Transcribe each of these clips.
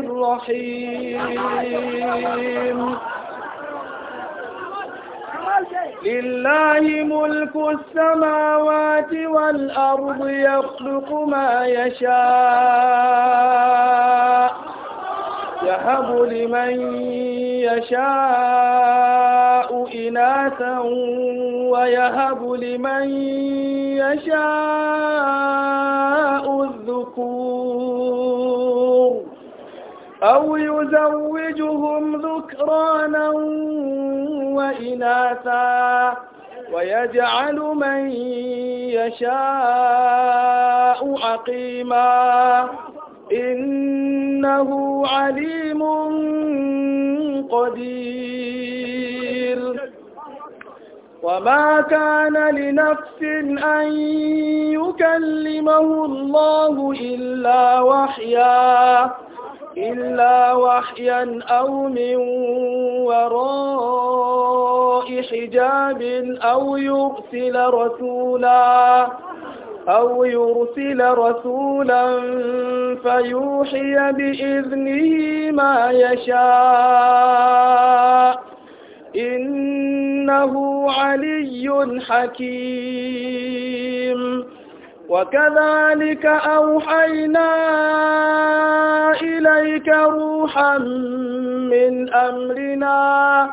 الرحيم لله ملك السماوات والأرض يخلق ما يشاء يهب لمن يشاء إناثا ويهب لمن يشاء أو يزوجهم ذكرانا وإناثا ويجعل من يشاء عقيما إنه عليم قدير وما كان لنفس أن يكلمه الله إلا وحياً إلا وحيا أو من وراء حجاب أو يرسل رسولا أو يرسل رسولا فيوحي بإذنه ما يشاء إنه علي حكيم وكذلك أوحينا إليك روحا من أمرنا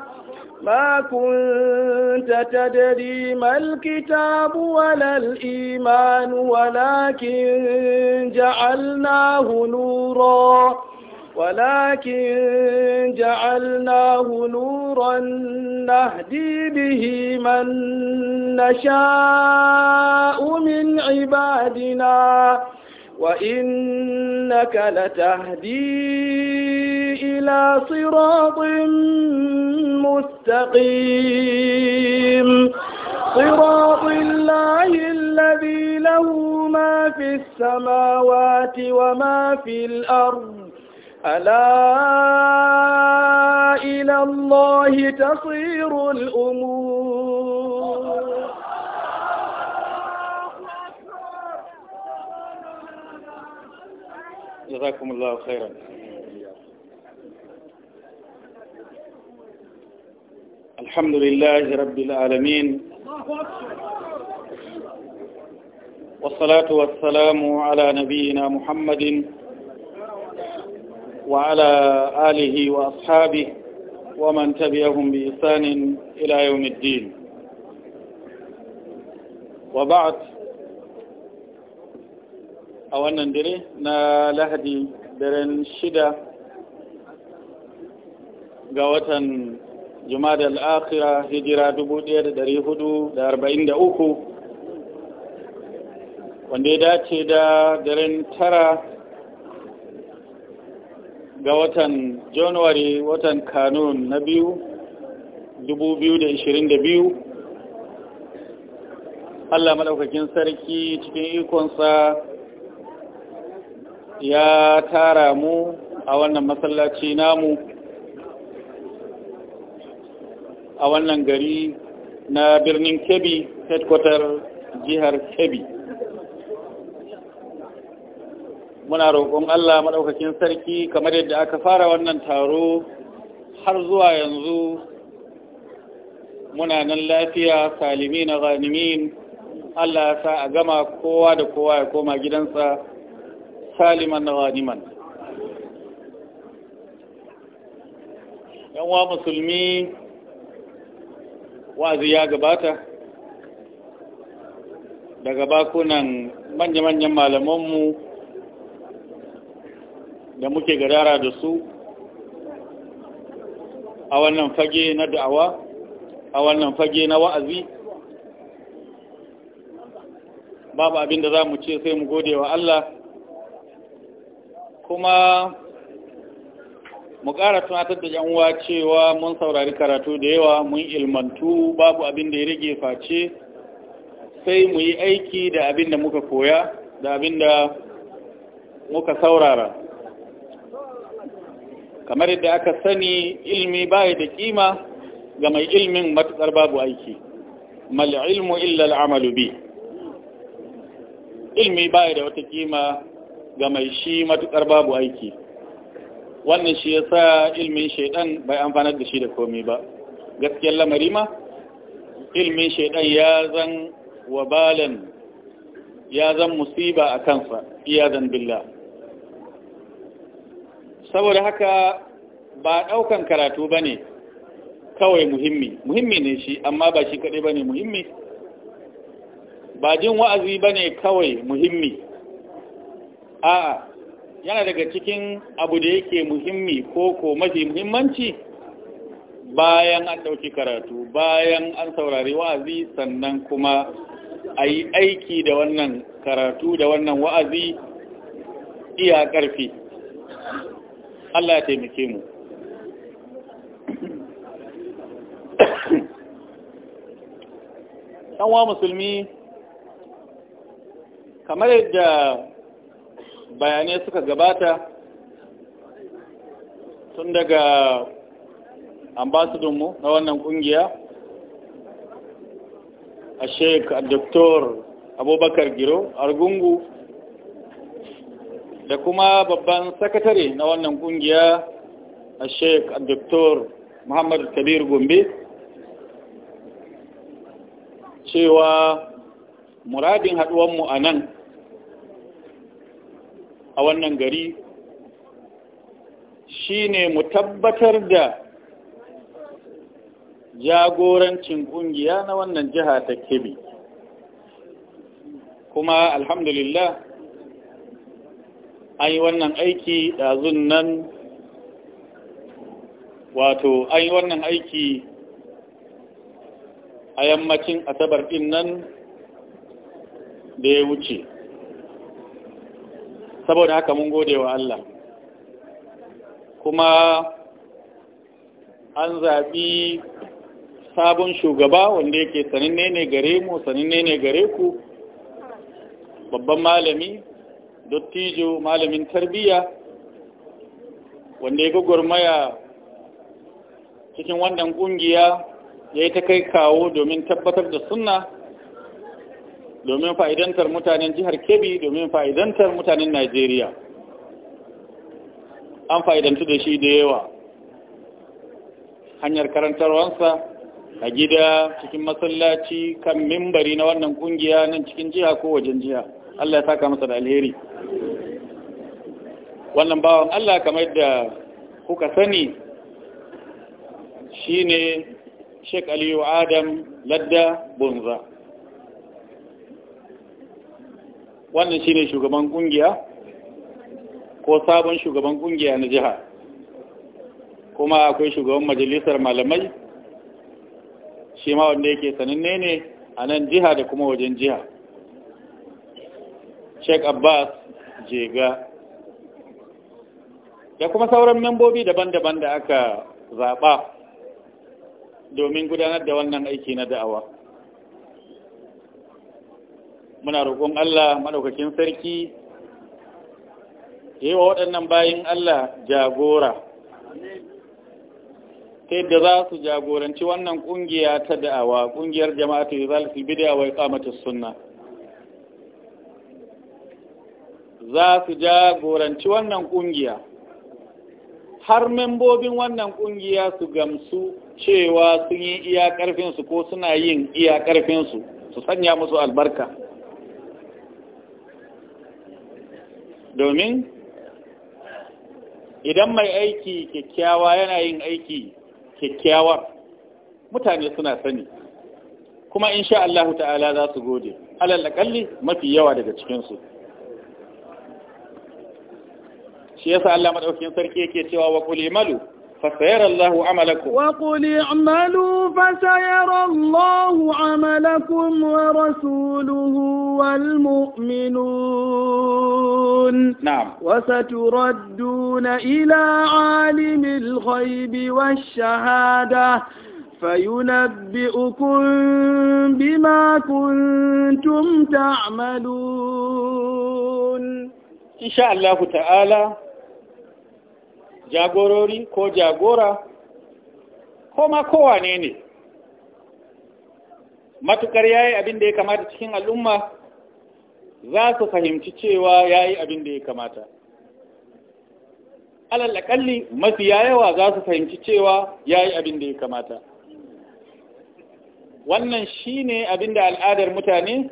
ما كنت تدري ما الكتاب ولا الإيمان ولكن جعلناه نوراً ولكن جعلناه نورا نهدي به من نشاء من عبادنا وإنك لتهدي إلى صراط مستقيم صراط الله الذي له ما في السماوات وما في الأرض ألا إلى الله تصير الأمور جزاكم الله خيرا الحمد لله رب العالمين والصلاة والسلام على نبينا محمد وعلى آله وأصحابه ومن تبعهم بإحسان إلى يوم الدين وبعد a wannan dare na lahadi daren shida ga watan jumada akira hijira 1443 wanda ya dace da daren tara ga watan januwari watan kanun na biyu 2022 allah maɗaukakin sarki cikin ikonsa ya tara mu a wannan masallaci namu a wannan gari na birnin kebbi headquarter jihar kebbi muna roƙon Allah maɗaukakin sarki kamar yadda aka fara wannan taro har zuwa yanzu muna nan lafiya salimi na ganimin Allah sa a gama kowa da kowa ya koma gidansa saliman na ganiman yanwa musulmi wazi ya gabata daga bakunan manya-manyan malamanmu da muke gadara da su a wannan fage na da'awa a wannan fage na wa'azi babu abin da za mu ce sai mu gode wa Allah kuma mu ƙara tunatar da yanuwa cewa mun saurari karatu da yawa mun ilmantu babu abin da ya rage face sai mu yi aiki da abin da muka koya da abin da muka saurara kamar yadda aka sani ilmi baya da kima ga mai ilmin matuƙar babu aiki mal ilmu illa al'amalu bi ilmi baya da wata kima ga mai shi matuƙar babu aiki wannan shi ya sa ilmin shaidan bai amfanar da shi da komai ba gaskiyar lamari ma ilmin shaidan ya zan wabalan ya zan musiba a kansa iya billah saboda haka ba ɗaukan karatu ba ne kawai muhimmi muhimmi ne shi amma ba shi kaɗai ba ne muhimmi ba jin wa'azi ba ne kawai muhimmi a'a yana daga cikin abu da yake muhimmi ko ko mafi muhimmanci bayan an ɗauki karatu bayan an saurari wa'azi sannan kuma a yi aiki da wannan karatu da wannan wa'azi iya ƙarfi Allah ya taimake mu wa musulmi kamar yadda bayanai suka gabata tun daga ambasadunmu na wannan kungiya a shek dr abubakar giro argungu da kuma babban sakatare na wannan kungiya a sheik dr muhammad kabir gombe cewa muradin haduwanmu a nan a wannan gari shine mu tabbatar da jagorancin kungiya na wannan jiha ta kebe kuma alhamdulillah an yi wannan aiki ɗazun nan wato an yi wannan aiki a yammacin asabar ɗin nan da ya wuce saboda haka mun gode wa Allah kuma an zaɓi sabon shugaba wanda yake sanin ne gare mu ne ne gare ku babban malami dottijo malamin tarbiyya wanda ya ga gwagwarmaya cikin wannan kungiya ya yi ta kai kawo domin tabbatar da sunna domin fa'idantar mutanen jihar kebbi domin fa'idantar mutanen najeriya an fa'idantu da shi da yawa hanyar karantarwansa a gida cikin masallaci kan mimbari na wannan kungiya nan cikin jiha ko wajen jiha Allah ya saka masa da alheri wannan bawan Allah kamar yadda kuka sani shine Sheikh Aliyu Adam Ladda Bunza wannan shine shugaban kungiya ko sabon shugaban kungiya na jiha kuma akwai shugaban majalisar malamai shi ma wanda yake sananne ne a nan jiha da kuma wajen jiha Sheikh Abbas Jega da kuma sauran membobi daban-daban da aka zaɓa domin gudanar da wannan aiki na da'awa. Muna roƙon Allah maɗaukakin sarki yi wa waɗannan bayin Allah jagora, ta yadda za su jagoranci wannan ƙungiya ta da'awa, ƙungiyar jama'a ta yi bi bidiyawa ya ƙamata sunna. za su jagoranci wannan ƙungiya har membobin wannan ƙungiya su gamsu cewa sun yi iya ƙarfinsu ko suna yin iya ƙarfinsu su sanya musu albarka domin idan mai aiki kyakkyawa yana yin aiki kyakkyawa mutane suna sani kuma insha Allah ta'ala za su gode alal akalli mafi yawa daga cikinsu shi yasa Allah madaukakin sarki yake cewa wa qul imalu الله عملكم وقل اعملوا فسيرى الله عملكم ورسوله والمؤمنون نعم وستردون إلى عالم الغيب والشهادة فينبئكم بما كنتم تعملون إن شاء الله تعالى jagorori ko jagora ko ma kowa ne matukar yi abin da ya kamata cikin al'umma za su fahimci cewa yi abin da ya kamata alal akalli mafiya yawa za su fahimci cewa yi abin da ya kamata wannan ne abin da al'adar mutane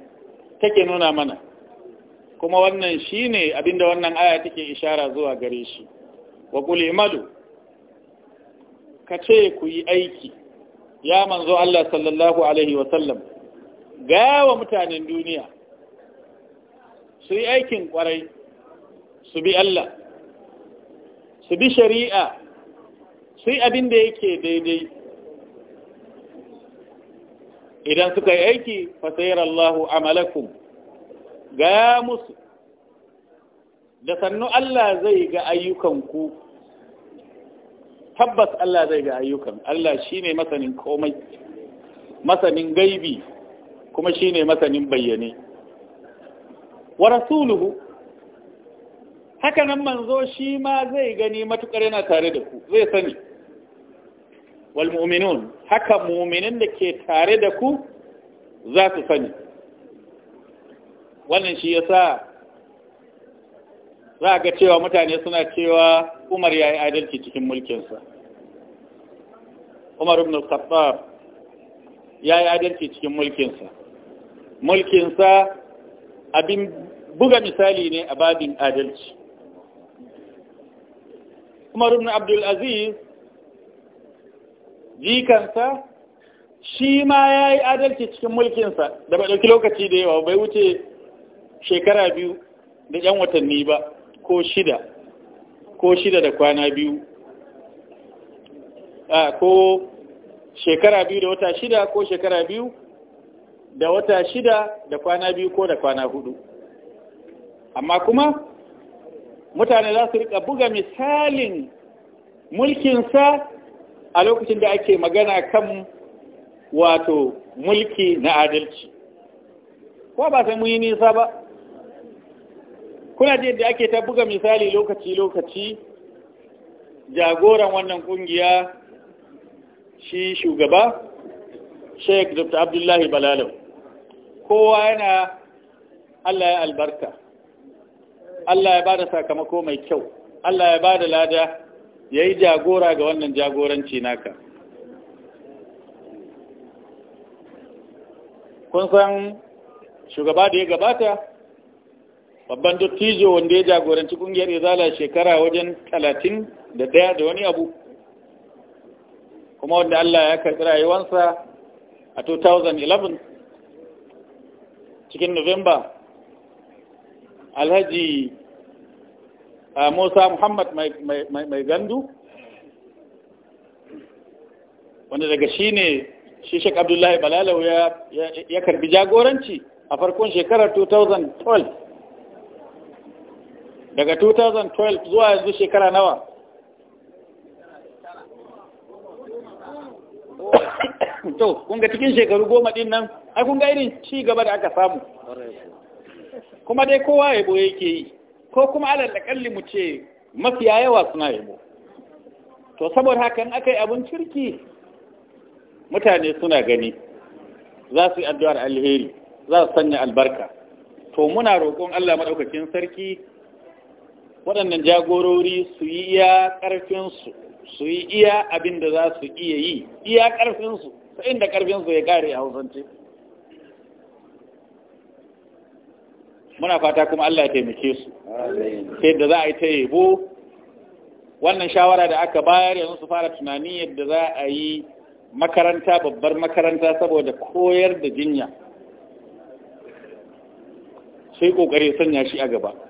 take nuna mana kuma wannan ne abin da wannan aya take ishara zuwa gare shi wa qul imadu ka ce ku yi aiki ya manzo Allah sallallahu alaihi wa sallam gawa mutanen duniya su yi aikin kwarai su bi Allah su bi shari'a su yi abin da yake daidai idan suka yi aiki fasayar Allahu amalakum ga musu da sannu Allah zai ga ayyukanku tabbas Allah zai ga ayyukan Allah shi ne masanin komai masanin gaibi kuma shi ne masanin bayyane wa rasuluhu haka nan manzo shi ma zai gani matukar yana tare da ku zai sani wal mu'minun haka mu'minin da ke tare da ku za su sani wannan shi yasa za ga cewa mutane suna cewa umar ya yi adalci cikin mulkinsa umar ibn al-khattab ya yi adalci cikin mulkinsa mulkinsa abin buga misali ne a babin adalci umar ibn abdul aziz jikansa shi ma ya yi adalci cikin mulkinsa da ba ɗauki lokaci da yawa bai wuce shekara biyu da 'yan watanni ba ko shida ko shida da kwana biyu a ko shekara biyu da wata shida ko shekara biyu da wata shida da kwana biyu ko da kwana hudu amma kuma mutane za su rika buga misalin mulkinsa a lokacin da ake magana kan wato mulki na adalci ko ba sai mun yi nisa ba kuna jin da ake ta buga misali lokaci-lokaci jagoran wannan kungiya shi shugaba sheik dr abdullahi balalau kowa yana allah ya albarka allah ya bada sakamako mai kyau allah ya bada lada ya yi jagora ga wannan jagoranci naka kun san shugaba da ya gabata babban dattijo wanda ya jagoranci kungiyar izala shekara wajen talatin da ɗaya da wani abu kuma wanda Allah ya karɓi rayuwansa a 2011 cikin Novemba alhaji Musa Muhammad mai gandu wanda daga shi ne shi Abdullahi Balalau ya karɓi jagoranci a farkon shekarar 2012 daga 2012 zuwa yanzu shekara nawa to kun ga cikin shekaru goma din nan a kun irin ci gaba da aka samu kuma dai kowa yabo yake yi ko kuma alal da mu ce mafiya yawa suna yabo to saboda haka in aka yi abin kirki mutane suna gani za su yi addu'ar alheri za su sanya albarka to muna roƙon Allah maɗaukakin sarki waɗannan jagorori su yi iya ƙarfinsu su yi iya abin da za su iya yi iya ƙarfinsu ta inda ƙarfinsu ya ƙare a hausance muna fata kuma Allah ya taimake su sai da za a yi ta yabo wannan shawara da aka bayar yanzu su fara tunani yadda za a yi makaranta babbar makaranta saboda koyar da jinya sai kokari sanya shi a gaba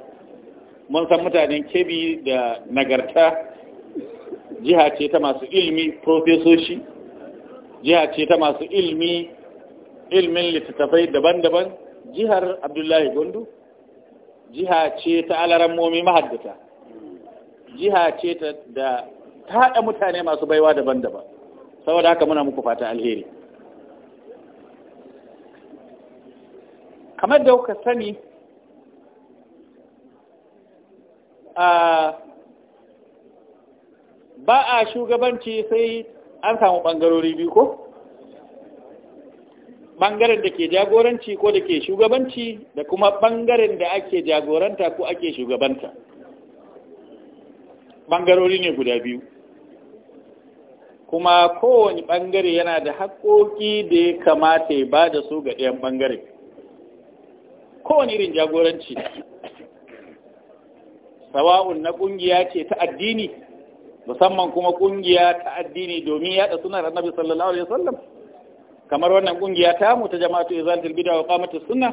mun san mutanen kebi da nagarta jiha ce ta masu ilmi profesoshi jiha ce ta masu ilmi ilmin littattafai daban-daban jihar abdullahi gondo jiha ce ta alarammomi mahaddata jiha ce ta da haɗa mutane masu baiwa daban-daban saboda haka muna muku fata alheri kamar da kuka sani ba a shugabanci sai an samu ɓangarori biyu ko ɓangaren da ke jagoranci ko da ke shugabanci da kuma ɓangaren da ake jagoranta ko ake shugabanta ɓangarori ne guda biyu kuma kowane ɓangare yana da haƙoƙi da ya kamata ya ba da su ga ɗayan ɓangare kowane irin jagoranci sawa'un na ƙungiya ce ta addini musamman kuma ƙungiya ta addini domin yaɗa sunar annabi sallallahu alaihi wasallam kamar wannan kungiya ta mu ta jama'atu izalatul bid'a wa qamatus sunna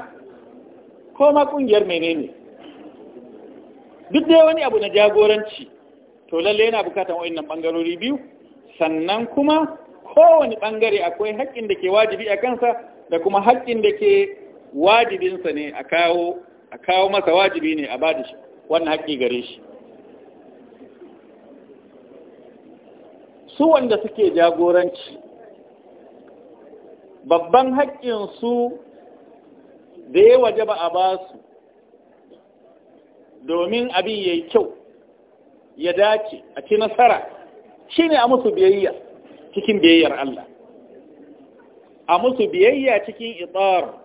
ko ma ƙungiyar menene duk dai wani abu na jagoranci to lalle yana bukatan wayannan bangarori biyu sannan kuma kowane bangare akwai haƙƙin da ke wajibi a kansa da kuma haƙƙin da ke wajibinsa ne a kawo a kawo masa wajibi ne a bada shi wannan haƙƙi gare shi su wanda suke jagoranci babban haƙƙinsu da ya waje ba a ba su domin abin ya yi kyau ya dace a ci nasara shi ne a musu biyayya cikin biyayyar Allah a musu biyayya cikin itsarar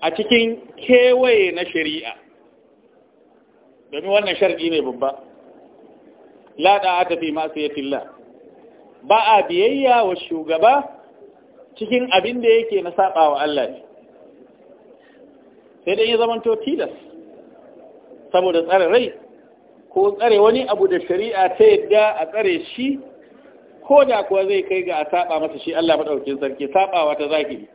a cikin kewaye na shari'a domin wannan sharɗi ne babba lada da tafi masu yatilla ba a biyayya wa shugaba cikin abin da yake na saɓa wa Allah ne sai dai ya zamanto tilas saboda tsare rai ko tsare wani abu da shari'a ta yadda a tsare shi ko da kuwa zai kai ga a saɓa masa shi Allah maɗaukin sarki saɓawa ta zahiri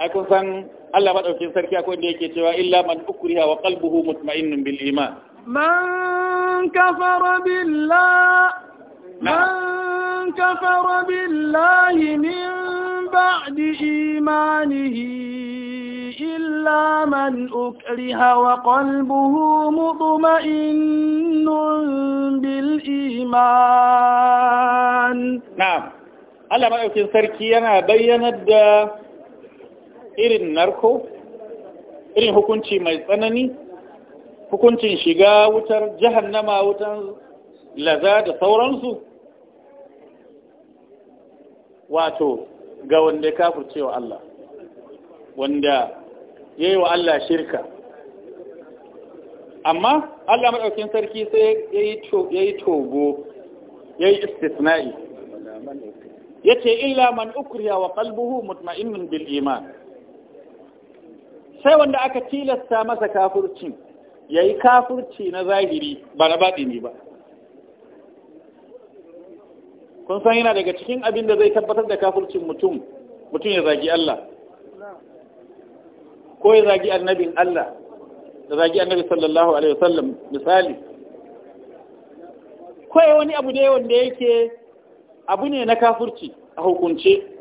ai kun san Allah madaukin sarki akwai da yake cewa illa man ukriha wa qalbuhu mutma'innun bil iman man kafara billah man kafara billahi min ba'di imanihi إلا من أكره وقلبه مطمئن بالإيمان نعم Allah maɗaukin sarki yana bayyanar da irin narko irin hukunci mai tsanani hukuncin shiga wutar jahannama wutan laza da sauransu wato ga wanda ya wa Allah wanda ya yi wa Allah shirka amma Allah maɗaukin sarki sai ya yi togo ya yi istisna'i yace illa man ukriya wa kalbuhu mutma'innin bil iman sai wanda aka tilasta masa kafurci ya yi kafurci na zahiri ba na baɗi ne ba kun san yana daga cikin abin da zai tabbatar da kafurcin mutum mutum ya zagi Allah ko ya zagi annabin Allah da zagi annabi sallallahu alaihi wasallam misali ko wani abu da wanda yake abu ne na kafurci a hukunce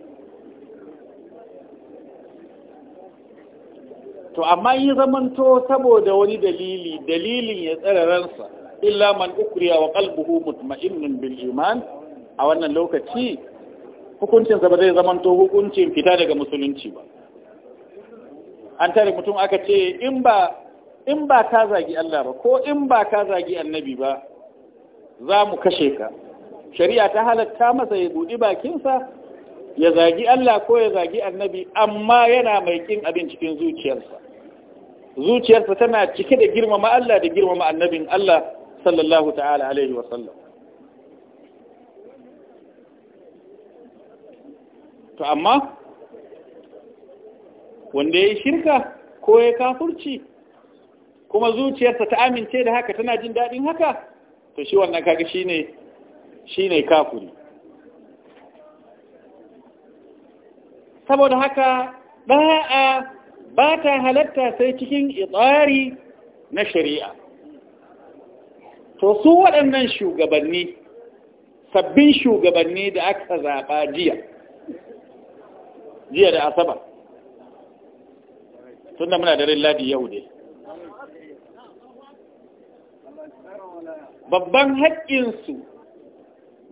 to amma yi zamanto saboda wani dalili dalilin ya tsara ransa illa man ukriya wa qalbuhu mutma'innun bil iman a wannan lokaci hukuncin sa ba zai zamanto hukuncin fita daga musulunci ba an tare mutum aka ce in ba in ba ka zagi Allah ba ko in ba ka zagi annabi ba za mu kashe ka shari'a ta halatta masa ya buɗi bakinsa ya zagi Allah ko ya zagi annabi amma yana mai kin abin cikin zuciyarsa zuciyarsa tana cike da girmama Allah da girmama annabin Allah sallallahu ta'ala alaihi wa sallam to amma wanda ya yi shirka ko ya kafurci kuma zuciyarsa ta amince da haka tana jin daɗin haka to shi wannan kaga shine shine kafuri saboda haka ba'a ba ta halatta sai cikin itsari na shari'a to su waɗannan shugabanni sabbin shugabanni da aka zaɓa jiya jiya da asaba tunda muna da ladi yau ne babban haƙƙinsu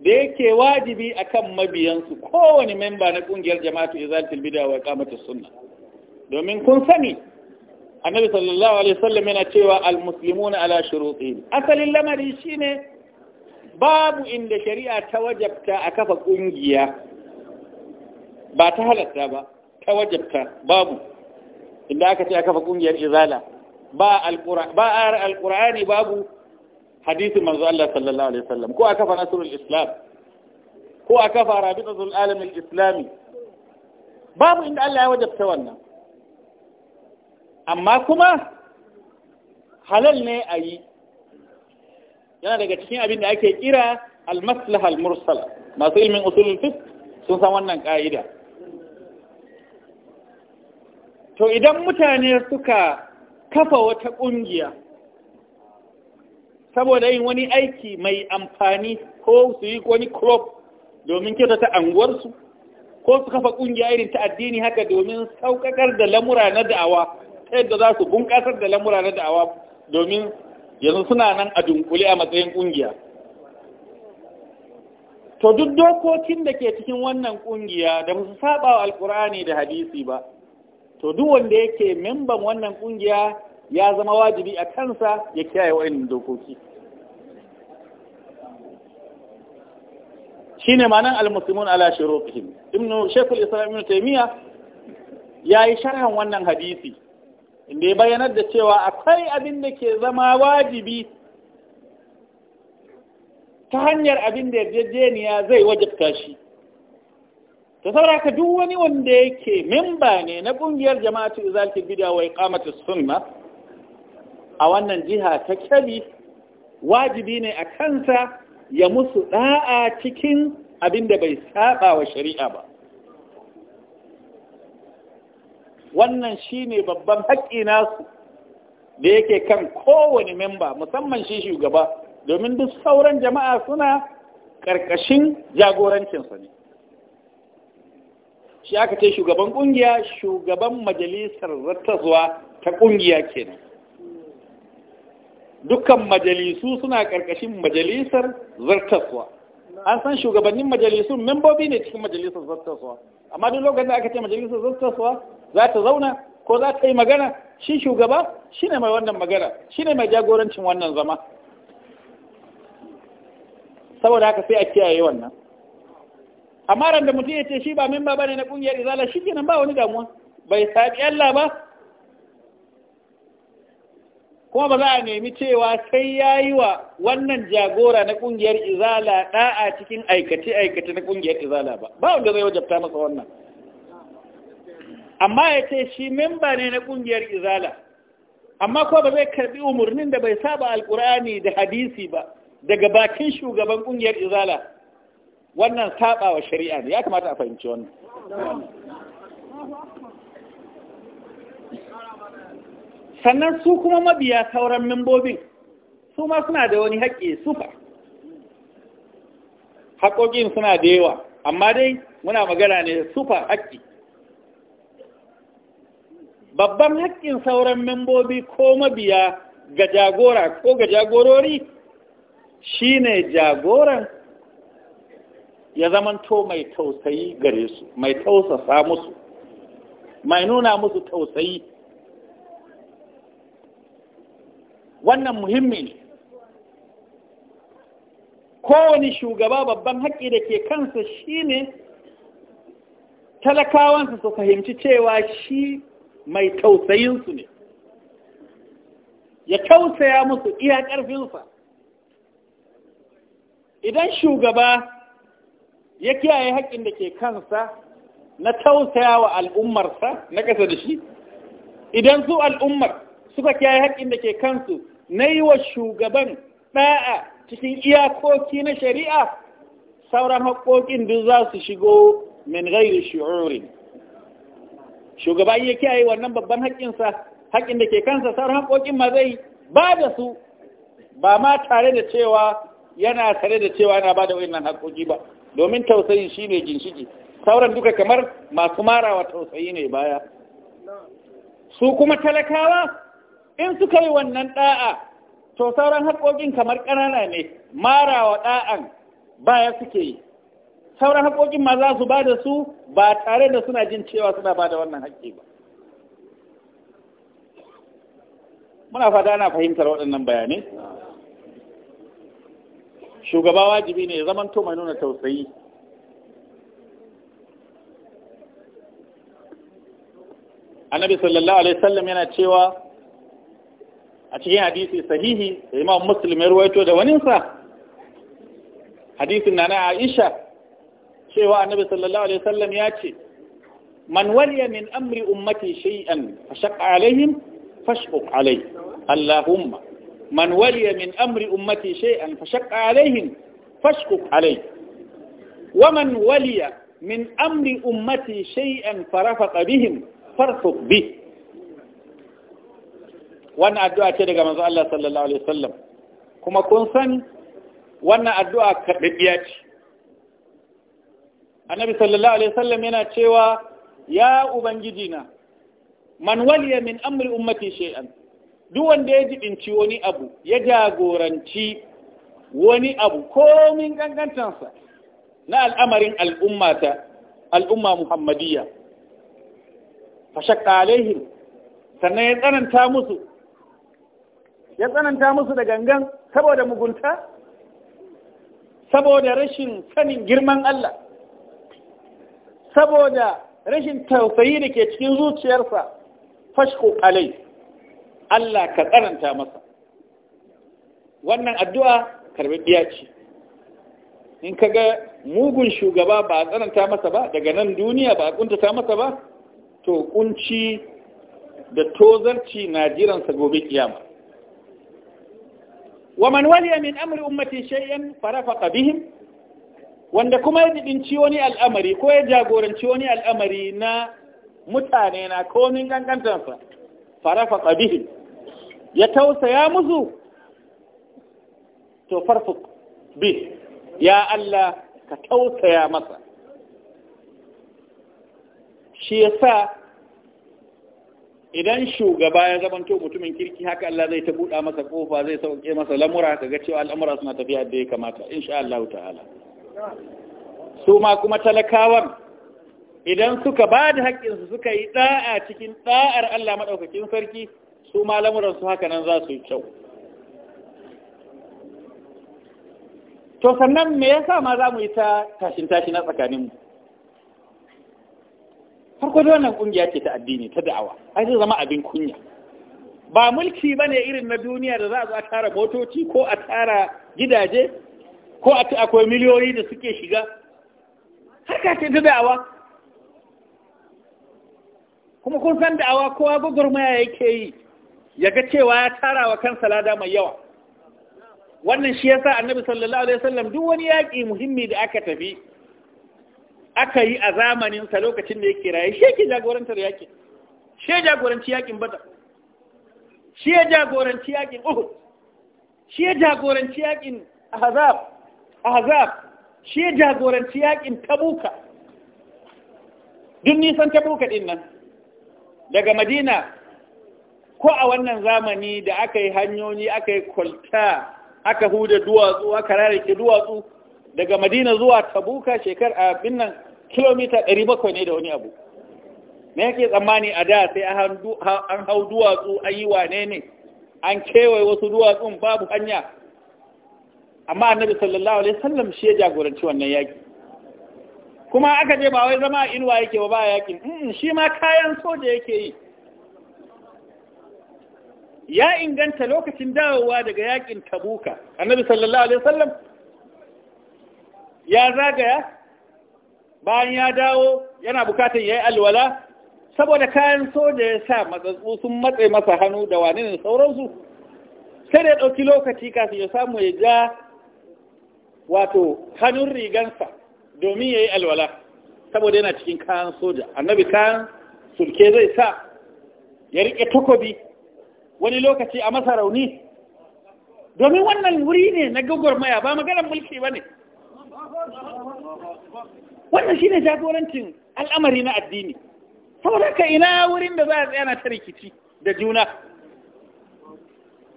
da yake wajibi akan mabiyansu kowane memba na kungiyar jama'atu izalatul bid'a wa iqamatus sunna domin kun sani annabi sallallahu alaihi wasallam yana cewa almuslimuna ala shurutihim asalin lamari shine babu inda shari'a ta wajabta a kafa kungiya ba ta halatta ba ta wajabta babu inda aka ce a kafa kungiyar izala ba al ba babu hadisin manzo Allah sallallahu alaihi wasallam ko aka fara surul islam ko aka fara bidul alam islami babu inda Allah ya wajabta wannan amma kuma halal ne a yi yana daga cikin abin da ake kira al-maslaha al-mursala masu ilmin usulul fiqh sun san wannan ka'ida to idan mutane suka kafa wata kungiya saboda yin wani aiki mai amfani ko su yi wani crop domin kyauta ta anguwarsu ko su kafa ƙungiya irin ta addini haka domin sauƙaƙar da lamura na da'awa ta yadda za su bunƙasar da lamura na da'awa domin yanzu suna nan a dunkule a matsayin ƙungiya to duk dokokin da ke cikin wannan ƙungiya da ba su saba wa alƙur'ani da hadisi ba to duk wanda yake memban wannan ƙungiya ya zama wajibi a kansa ya kiyaye wa'annan dokoki Shi shine manan al-muslimun ala shurutihim shekul shaykhul islam taimiyya Ya yi sharhan wannan hadisi inda ya bayanar da cewa akwai abin da ke zama wajibi ta hanyar abin da yarjejeniya zai wajibta shi ta sauraka duk wani wanda yake memba ne na ƙungiyar jama'atu izalti bidawa wa kamata sunna a wannan jiha ta kyabi wajibi ne a kansa ya musu ɗa'a cikin abin da bai saba wa shari'a ba wannan shine babban haƙƙi nasu da yake kan kowane memba musamman shi shugaba domin duk sauran jama'a suna ƙarƙashin jagorancinsa ne shi aka ce shugaban ƙungiya shugaban majalisar zartaswa ta ƙungiya kenan dukkan majalisu suna ƙarƙashin majalisar zartaswa an san shugabannin majalisu membobi ne cikin majalisar zartaswa amma duk lokacin da aka ce majalisar zartaswa za ta zauna ko za ta yi magana shi shugaba shi ne mai wannan magana shi ne mai jagorancin wannan zama saboda haka sai a kiyaye wannan amma ran da mutum ya ce shi ba memba ne na kungiyar izala shi kenan ba wani damuwa bai sabi Allah ba kuma ba za a nemi cewa sai ya yi wa wannan jagora na ƙungiyar izala ɗa'a cikin aikace-aikace na ƙungiyar izala ba ba wanda zai wajabta masa wannan amma ya ce shi memba ne na ƙungiyar izala amma kuma ba zai karɓi umarnin da bai saba alƙur'ani da hadisi ba daga bakin shugaban ƙungiyar izala wannan saba wa shari'a ne ya kamata a fahimci wannan sannan su kuma mabiya sauran membobin su ma suna da wani haƙƙi sufa haƙoƙin suna da yawa amma dai muna magana ne sufa haƙƙi babban haƙƙin sauran mimbobi ko mabiya ga jagora ko ga jagorori shi ne jagoran ya zamanto mai tausayi gare su mai tausasa musu mai nuna musu tausayi wannan muhimmi ne kowane shugaba babban haƙƙi da ke kansa shine talakawansa su fahimci cewa shi mai tausayinsu ne ya tausaya musu iya ƙarfinsa idan shugaba ya kiyaye haƙƙin da ke kansa na tausaya wa al'ummarsa na ƙasa da shi idan su al'ummar suka kiyaye haƙƙin da ke kansu na yi wa shugaban ɗa'a cikin iyakoki na shari'a sauran haƙoƙin duk za su shigo min gairi shi'urin shugaba ya kiyaye wannan babban haƙƙinsa haƙƙin da ke kansa sauran haƙoƙin ma zai ba da su ba ma tare da cewa yana tare da cewa yana ba da wayannan haƙoƙi ba domin tausayin shi ne ginshiki sauran duka kamar masu marawa tausayi ne baya su kuma talakawa in suka yi wannan ɗa'a to sauran haƙoƙin kamar ƙanana ne marawa ɗa'an baya suke yi sauran haƙoƙin ma za su ba da su ba tare da suna jin cewa suna ba da wannan haƙƙi ba muna fata ana fahimtar waɗannan bayanai shugaba wajibi ne zaman to mai nuna tausayi annabi sallallahu alaihi wasallam yana cewa a cikin hadisi sahihi da imam muslim ya ruwaito da waninsa hadisin na na aisha cewa annabi sallallahu alaihi wasallam ya ce man waliya min amri ummati shay'an fashaqqa alaihim fashquq alai allahumma man waliya min amri ummati shay'an fashaqqa alaihim fashquq alai wa man waliya min amri ummati shay'an farafaq bihim farfuq bihi wannan addu'a ce daga manzo Allah sallallahu alaihi wasallam kuma kun san wannan addu'a karbiya ce annabi sallallahu alaihi wasallam yana cewa ya ubangiji na man waliya min amri ummati shay'an duk wanda ya jibinci wani abu ya jagoranci wani abu komin gangantansa na al'amarin al'ummata al'umma muhammadiyya fashakka alaihim sannan ya tsananta musu ya tsananta musu da gangan saboda mugunta saboda rashin sanin girman Allah saboda rashin tausayi da ke cikin zuciyarsa fashku alai Allah ka tsananta masa wannan addu'a biya ce in ka ga mugun shugaba ba a tsananta masa ba daga nan duniya ba a kuntata masa ba to kunci da tozarci na jiransa gobe kiyama wa man waliya min amri ummati shay'an farafaqa wanda kuma ya dinci wani al'amari ko ya jagoranci wani al'amari na mutane na komin kankantansa farafaqa bihim ya tausaya musu to farfuq bi ya Allah ka tausaya masa shi sa. idan shugaba ya zamanto mutumin kirki haka Allah zai ta buɗa masa kofa zai sauke masa lamura kaga cewa al'amura suna tafiya da ya kamata insha Allah ta'ala su ma kuma talakawan idan suka ba da haƙƙinsu suka yi ɗa'a cikin ɗa'ar Allah maɗaukakin sarki su ma lamuransu haka nan za su yi kyau to sannan me yasa ma za mu yi ta tashin tashi na tsakaninmu farko da wannan kungiya ce ta addini ta da'awa ai zai zama abin kunya ba mulki bane irin na duniya da za a zo a tara motoci ko a tara gidaje ko a akwai miliyoyi da suke shiga harka ce ta da'awa kuma kun san da'awa kowa gwagwarmaya yake yi ya ga cewa ya tara wa kansa lada mai yawa wannan shi yasa annabi sallallahu alaihi wasallam duk wani yaƙi muhimmi da aka tafi aka yi a zamaninsa lokacin da ya kiraye shi yake jagorantar yakin shi ya jagoranci yakin bada? shi ya jagoranci yakin uhud shi ya jagoranci yakin azab azab shi ya jagoranci yakin tabuka duk nisan tabuka din nan daga madina ko a wannan zamani da aka yi hanyoyi aka yi kwalta aka huda duwatsu aka rarrake duwatsu daga madina zuwa tabuka shekar a binnan kilomita 700 ne da wani abu me yake tsammani a da sai an hau duwatsu an yi wane ne an kewaye wasu duwatsun babu hanya amma annabi sallallahu alaihi wasallam shi ya jagoranci wannan yaki kuma aka je ba wai zama inuwa yake ba ba yakin shi ma kayan soja yake yi ya inganta lokacin dawowa daga yakin tabuka annabi sallallahu alaihi wasallam ya zagaya bayan ya dawo yana bukatar ya yi alwala saboda kayan soja ya sa matsatsu sun matse masa hannu da wani ne sauransu sai da ya ɗauki lokaci kafin ya samu ya ja wato hannun rigansa domin ya yi alwala saboda yana cikin kayan soja annabi kayan sulke zai sa ya riƙe takobi wani lokaci a masa rauni domin wannan wuri ne na gaggwar maya ba maganar mulki ba ne wannan shine jagorancin al'amari na addini saboda ka ina wurin da za a tsaya na ta rikici da juna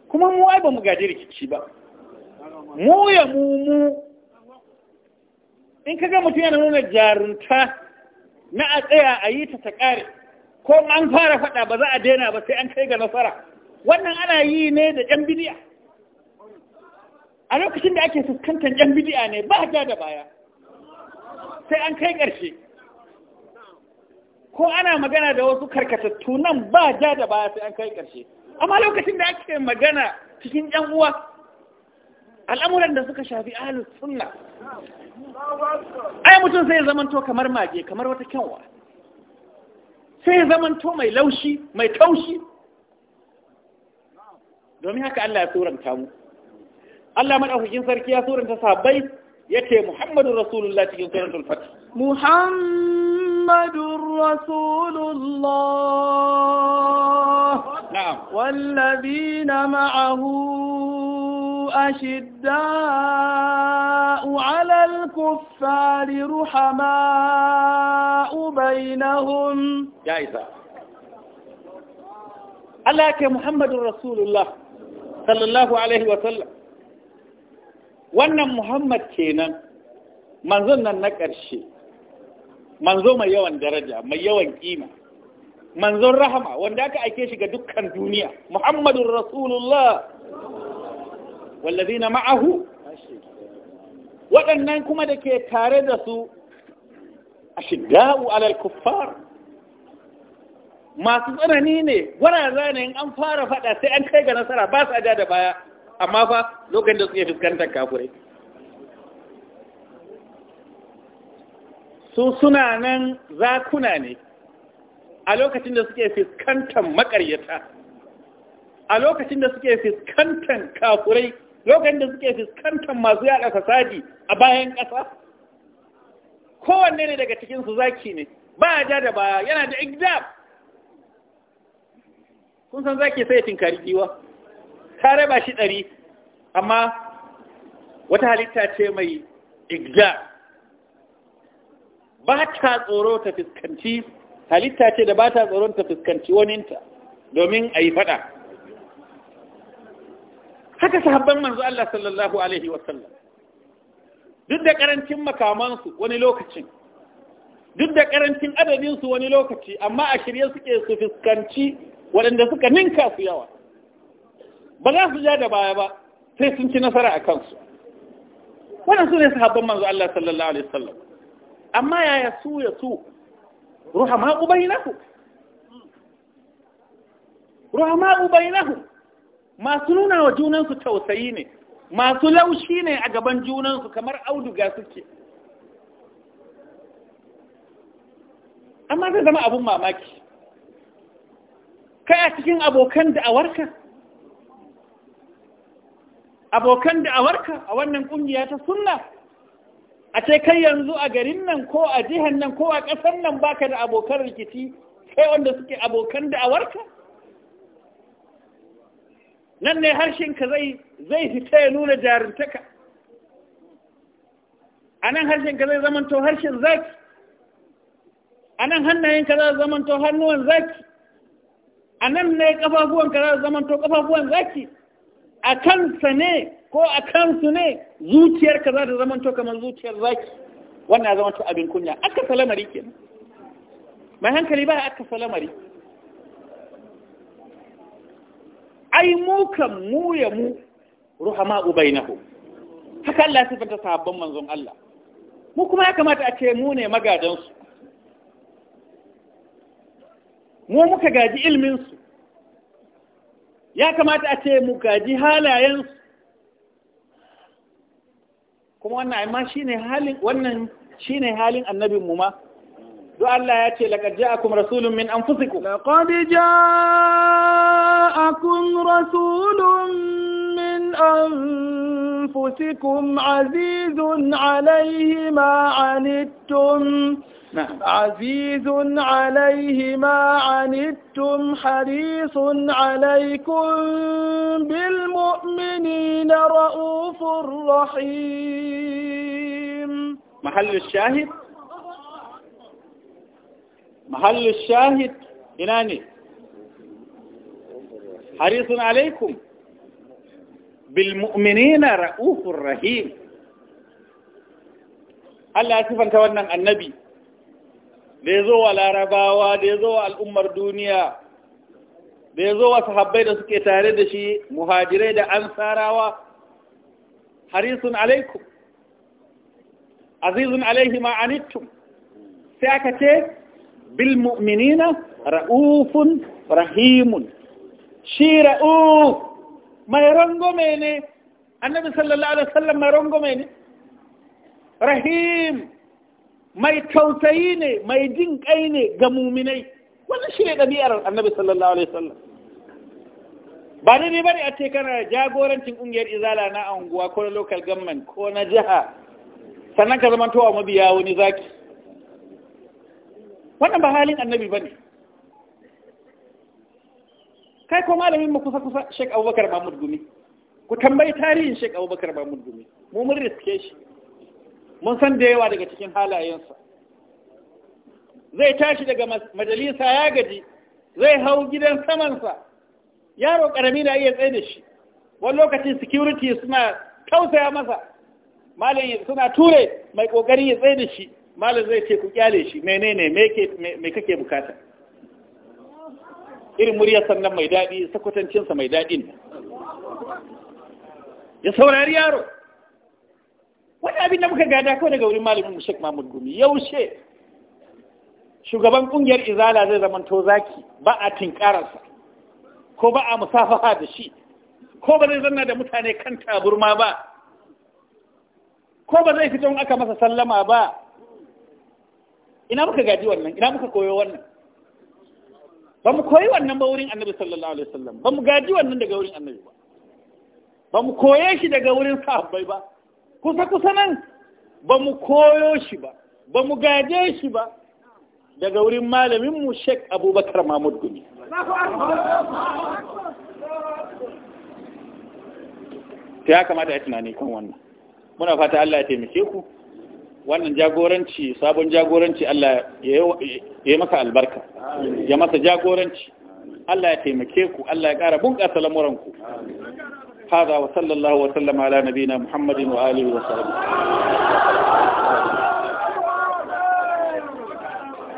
kuma mu ai ba mu gaji rikici ba mu ya mu mu in ga mutum yana nuna jarunta na a tsaya a yi ta ta kare ko an fara faɗa ba za a daina ba sai an kai ga nasara wannan ana yi ne da yan bidiya a lokacin da ake fuskantar yan bidiya ne ba ja da baya sai an kai ƙarshe ko ana magana da wasu karkatattu nan ba ja da baya sai an kai ƙarshe amma lokacin da ake magana cikin ‘yan uwa al'amuran da suka shafi ahalus sunna ai mutum sai zamanto kamar mage kamar wata kyanwa sai zamanto mai laushi mai taushi domin haka Allah ya suranta mu Allah madaukakin sarki ya suranta sabai yace muhammadu rasulullah cikin suratul fath muhammadur rasulullah na'am wallazina ma'ahu ashidda'u 'alal kuffari ruhama'u bainahum ya isa Allah ke muhammadur rasulullah sallallahu alaihi wa sallam wannan Muhammad kenan manzon nan na ƙarshe manzo mai yawan daraja mai yawan ƙima, manzon rahama wanda aka aike shi ga dukkan duniya Muhammadun Rasulullah wallazina ma'ahu waɗannan kuma da ke tare da su ashidda'u alal kuffar masu tsanani ne wurare ne an fara faɗa sai an kai ga nasara ba su da baya amma fa lokacin da suke fuskantar kafirai su suna nan zakuna ne a lokacin da suke fuskantar makaryata a lokacin da suke fuskantar kafurai lokacin da suke fuskantar masu yada fasadi a bayan ƙasa kowanne ne daga cikinsu zaki ne ba a ja da baya yana da igdab kun san zaki sai tinkari giwa ka raba shi ɗari amma wata halitta ce mai igda ba ta tsoro ta fuskanci halitta ce da ba ta tsoron ta fuskanci waninta domin a yi faɗa haka sahabban manzo Allah sallallahu Alaihi wasallam duk da ƙarancin makamansu wani lokacin duk da ƙarancin adadinsu wani lokaci amma a shirye suke su fuskanci waɗanda suka ninka su yawa ba za su ja da baya ba sai sun ci nasara a kansu wannan su ne sahabban manzo Allah sallallahu alaihi wasallam amma yaya su ya su ruhama ubainahu ruhama ubainahu masu nuna wa junansu tausayi ne masu laushi ne a gaban junansu kamar auduga suke amma zai zama abun mamaki kai a cikin abokan da'awarka abokan awarka a wannan kungiya ta sunna a ce kai yanzu a garin nan ko a jihan nan ko a ƙasar nan baka da abokan rikici sai wanda suke abokan da awarka nan ne harshenka zai zai fita ya nuna jarintaka a nan harshenka zai zamanto harshen zaki a nan hannayenka zai zamanto hannuwan zaki a nan ne ƙafafuwanka zai zamanto ƙafafuwan zaki a kansa ne ko a kansu ne zuciyarka za ta zamanto kamar zuciyar zaki wannan ya zamanto abin kunya aka salamari ke mai hankali ba aka salamari ai mu kan mu ya mu ruhama ubainahu haka Allah ya sifanta sahabban manzon Allah mu kuma ya kamata a ce mu ne magadansu mu muka gaji ilminsu ya kamata a ce mu gaji halayensu kuma wannan amma ne halin wannan shine halin annabinmu ma don Allah ya ce a ja'akum rasulun min an anfusikum a ja'akum rasulun min an أنفسكم عزيز عليه ما عنتم نعم. عزيز عليه ما عنتم حريص عليكم بالمؤمنين رؤوف رحيم محل الشاهد محل الشاهد إناني حريص عليكم bilmu'minina ra'ufur rahim Allah ya sifanta wannan annabi da ya zo wa larabawa da ya zo wa al'ummar duniya da ya zo wa sahabbai da suke tare da shi muhajirai da an ansarawa harisun alaikum azizun alaihi ma'anittum sai aka ce bilmu'minina ra'ufun rahimun shi ra'uf mai rangome ne annabi sallallahu alaihi wasallam mai rangome ne rahim mai tausayi ne mai jin kai ne ga muminai wannan shi ne ɗabi'ar annabi sallallahu alaihi wasallam ba ne bari a ce kana jagorancin ƙungiyar izala na anguwa ko na local government ko na jiha sannan ka zama towa mabiya wani zaki wannan ba halin annabi bane kai ko malamin mu kusa kusa Sheikh Abubakar Mahmud Gumi ku tambayi tarihin Sheikh Abubakar Mahmud Gumi mu mun riske shi mun san da yawa daga cikin halayensa zai tashi daga majalisa ya gaji zai hau gidan saman sa yaro karami na iya tsaye da shi wani lokacin security suna tausaya masa malam suna ture mai kokari ya tsaye da shi malam zai ce ku kyale shi menene me kake bukata irin muryar sannan mai daɗi sakwatancinsa mai daɗin ya saurari yaro wani abin da muka gada kawai daga wurin malamin mushek mahmud gumi yaushe shugaban ƙungiyar izala zai zama zaki ba a tinkararsa ko ba a musafaha da shi ko ba zai zanna da mutane kan taburma ba ko ba zai fito aka masa sallama ba ina muka gaji wannan ina muka koyo wannan ba mu koyi wannan ba wurin annabi sallallahu alaihi wasallam ba mu gaji wannan daga wurin annabi ba ba mu koye shi daga wurin sahabbai ba kusa kusa nan ba mu koyo shi ba ba mu gaje shi ba daga wurin malamin mu Sheikh Abubakar Mahmud Gumi ta ya kamata a tunani kan wannan muna fata Allah ya taimake ku wannan jagoranci sabon jagoranci Allah ya yi masa albarka ya masa jagoranci Allah ya taimake ku Allah ya ƙara bunƙasa lamuranku haza wa sallallahu wa sallama ala وسلم muhammadin wa محمد wa وسلم